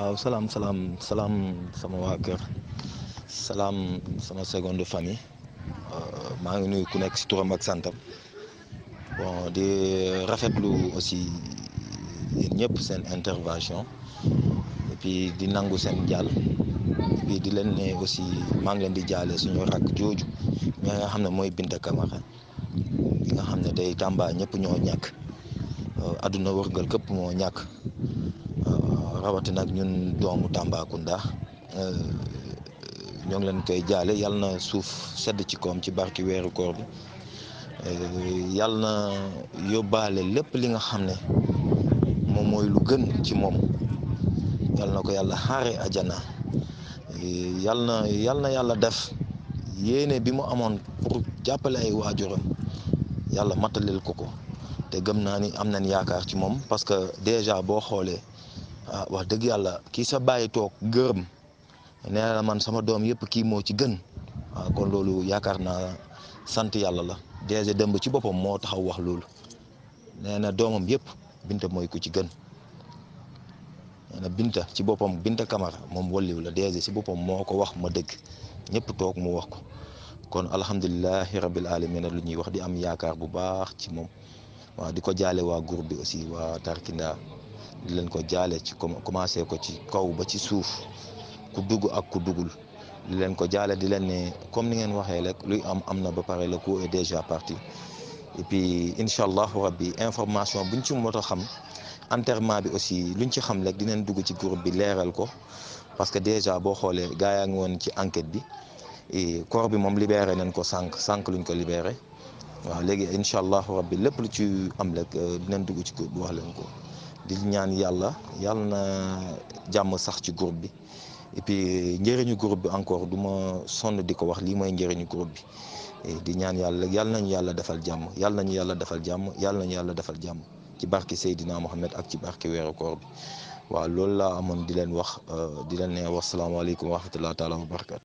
waaw salaam salaam salaam sama waa kër salaam sama seconde famille eh, maa ngi nuyu ku nekk si turam ak santam bon di rafetlu aussi yéen ñëpp seen intervention et puis di nangu seen jàll et puis di leen ne aussi maa ngi leen di jaale suñu rakk jooju mi nga xam ne mooy Binta Camara nga xam ne tey Tamba ñëpp ñoo ñàkk eh, aduna képp moo ñàkk rawatina ak ñun doomu Tambacounda euh, ñoo ngi leen koy jaale yàlla na suuf sedd ci koom ci barki weeru koor bi euh, yàlla na yóbbaale lépp li nga xam ne moom mooy lu gën ci moom yàlla na ko yàlla xaare ajana euh, yàlla na yàlla na yàlla def yéene bi mu amoon pour jàppale ay waajuram yàlla matalil ko ko te gëm naa ni am nañ yaakaar ci moom parce déjà boo xoolee wax dëgg yàlla kii sa bàyyi toog gërëm nee man sama dom yep kii moo ci gën ah, kon lulu yaakaar na sant yàlla la DG Demba ci boppam mo taxaw wax loolu nee na doomam Binta mooy ku ci gën nee na Binta ci boppam Binta Camara moom walliw la DG si boppam moo ko wax ma dëgg ñëpp toog mu wax ko kon alhamdulilahi rabil alamin lu ñuy wax di am yaakaar bu baax ci di ko jaale wah groupe bi aussi waa Tarkinda di leen ko jaale ci commencé ko ci kaw ba ci suuf ku dugg ak ku duggul di leen ko jaale di leen ne comme ni ngeen waxee lekk luy am am na ba pare la coup est déjà partie et puis incha allahu rabbi information buñ ci mot xam enterrement bi aussi luñ ci xam rek dinañ dugg ci groupe bi leeral ko parce que déjà boo xoolee gaa yaa ngi woon ci enquête bi et corps bi moom libéré nañ ko sànq sànq luñ ko libéré waaw léegi incha allahu rabbi lépp lu ci am di euh, dinañ dugg ci groupe bi wax leen ko. di ñaan yàlla yàlla na jàmm sax ci groupe bi et njëriñu groupe bi encore du ma sonn di ko wax lii mooy njëriñu groupe bi di ñaan yàlla yàlla nañu yàlla defal jàmm yàlla nañu yàlla defal jàmm yàlla ñu yàlla defal jàmm ci barke Seydina Mohamed ak ci barke weeru koor bi waaw loolu laa amoon di leen wax euh, di leen ne wasalaamaaleykum wa rahmatulah taala wa barakaatu.